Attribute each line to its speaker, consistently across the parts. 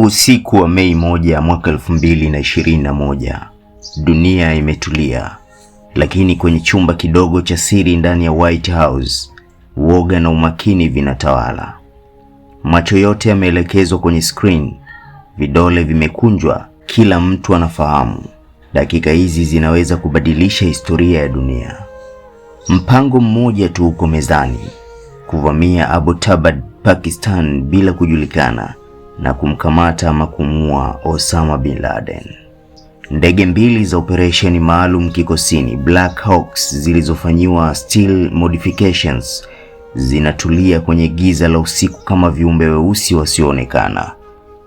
Speaker 1: Usiku wa Mei moja mwaka elfu mbili na ishirini na moja, dunia imetulia, lakini kwenye chumba kidogo cha siri ndani ya White House, woga na umakini vinatawala. Macho yote yameelekezwa kwenye screen, vidole vimekunjwa. Kila mtu anafahamu dakika hizi zinaweza kubadilisha historia ya dunia. Mpango mmoja tu uko mezani, kuvamia Abbottabad, Pakistan, bila kujulikana na kumkamata ama kumua Osama bin Laden. Ndege mbili za operesheni maalum kikosini Black Hawks zilizofanyiwa steel modifications zinatulia kwenye giza la usiku kama viumbe weusi wasioonekana.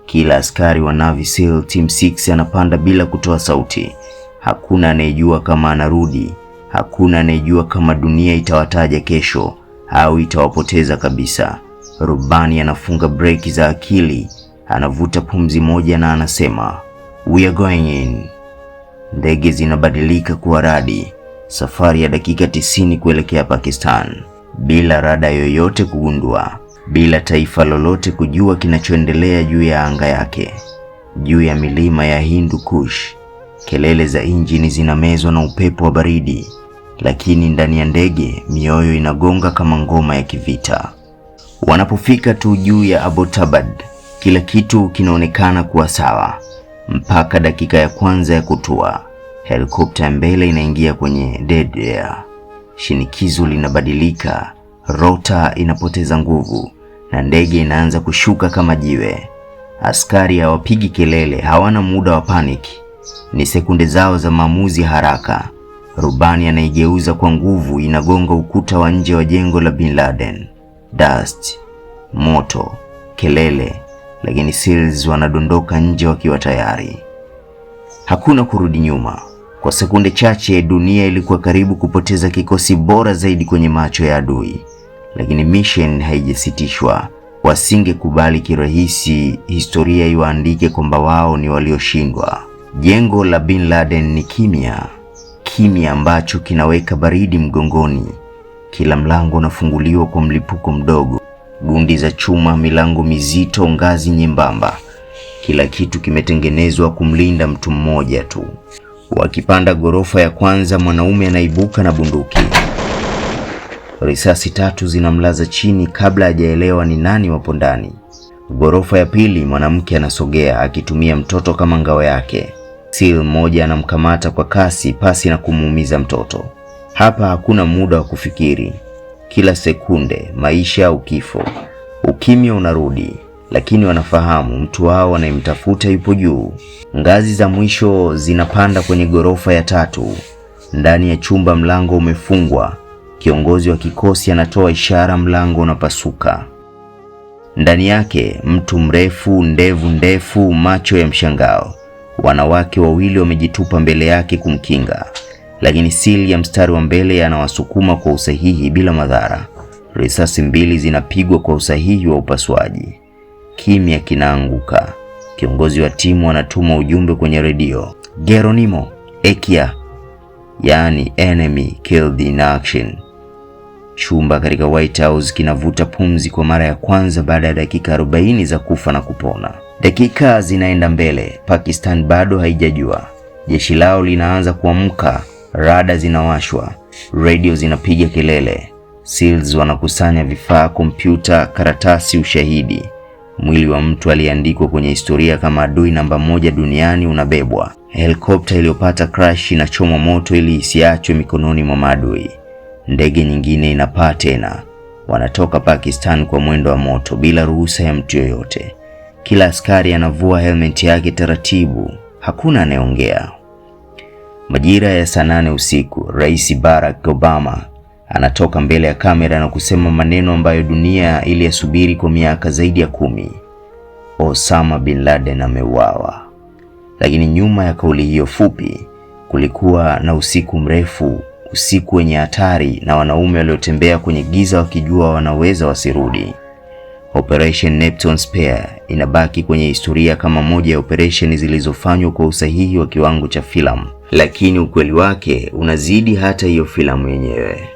Speaker 1: Kila askari wa Navy SEAL Team 6 anapanda bila kutoa sauti. Hakuna anayejua kama anarudi, hakuna anayejua kama dunia itawataja kesho au itawapoteza kabisa. Rubani anafunga breki za akili Anavuta pumzi moja na anasema we are going in. Ndege zinabadilika kuwa radi, safari ya dakika tisini kuelekea Pakistan bila rada yoyote kugundua, bila taifa lolote kujua kinachoendelea juu ya anga yake. Juu ya milima ya Hindu Kush, kelele za injini zinamezwa na upepo wa baridi, lakini ndani ya ndege mioyo inagonga kama ngoma ya kivita. Wanapofika tu juu ya Abbottabad kila kitu kinaonekana kuwa sawa mpaka dakika ya kwanza ya kutua. Helikopta mbele inaingia kwenye dead air, shinikizo linabadilika, rota inapoteza nguvu na ndege inaanza kushuka kama jiwe. Askari hawapigi kelele, hawana muda wa panic. ni sekunde zao za maamuzi haraka. Rubani anaigeuza kwa nguvu, inagonga ukuta wa nje wa jengo la Bin Laden. Dust, moto, kelele lakini Seals wanadondoka nje wakiwa tayari. Hakuna kurudi nyuma. Kwa sekunde chache, dunia ilikuwa karibu kupoteza kikosi bora zaidi kwenye macho ya adui, lakini mission haijasitishwa. Wasingekubali kirahisi historia iwaandike kwamba wao ni walioshindwa. Jengo la Bin Laden ni kimya, kimya ambacho kinaweka baridi mgongoni. Kila mlango unafunguliwa kwa mlipuko mdogo gundi za chuma, milango mizito, ngazi nyembamba. Kila kitu kimetengenezwa kumlinda mtu mmoja tu. Wakipanda ghorofa ya kwanza, mwanaume anaibuka na bunduki. Risasi tatu zinamlaza chini kabla hajaelewa ni nani wapo ndani. Ghorofa ya pili, mwanamke anasogea akitumia mtoto kama ngao yake. Sil mmoja anamkamata kwa kasi pasi na kumuumiza mtoto. Hapa hakuna muda wa kufikiri kila sekunde, maisha au kifo. Ukimya unarudi, lakini wanafahamu mtu wao anayemtafuta yupo juu. Ngazi za mwisho zinapanda kwenye ghorofa ya tatu. Ndani ya chumba, mlango umefungwa. Kiongozi wa kikosi anatoa ishara, mlango unapasuka. Ndani yake mtu mrefu, ndevu ndefu, macho ya mshangao. Wanawake wawili wamejitupa mbele yake kumkinga lakini sili ya mstari wa mbele yanawasukuma kwa usahihi bila madhara. Risasi mbili zinapigwa kwa usahihi wa upasuaji. Kimya kinaanguka. Kiongozi wa timu anatuma ujumbe kwenye redio, Geronimo Ekia, yaani enemy killed in action. Chumba katika White House kinavuta pumzi kwa mara ya kwanza baada ya dakika 40 za kufa na kupona. Dakika zinaenda mbele, Pakistan bado haijajua. Jeshi lao linaanza kuamka, Rada zinawashwa, redio zinapiga kelele, seals wanakusanya vifaa, kompyuta, karatasi, ushahidi. Mwili wa mtu aliyeandikwa kwenye historia kama adui namba moja duniani unabebwa. Helikopta iliyopata crash inachomwa moto ili isiachwe mikononi mwa maadui. Ndege nyingine inapaa tena, wanatoka Pakistan kwa mwendo wa moto bila ruhusa ya mtu yoyote. Kila askari anavua helmeti yake taratibu, hakuna anayeongea. Majira ya saa nane usiku, Rais Barack Obama anatoka mbele ya kamera na kusema maneno ambayo dunia iliyasubiri kwa miaka zaidi ya kumi. Osama bin Laden ameuawa. Lakini nyuma ya kauli hiyo fupi kulikuwa na usiku mrefu, usiku wenye hatari na wanaume waliotembea kwenye giza wakijua wanaweza wasirudi. Operation Neptune Spear inabaki kwenye historia kama moja ya operesheni zilizofanywa kwa usahihi wa kiwango cha filamu, lakini ukweli wake unazidi hata hiyo filamu yenyewe.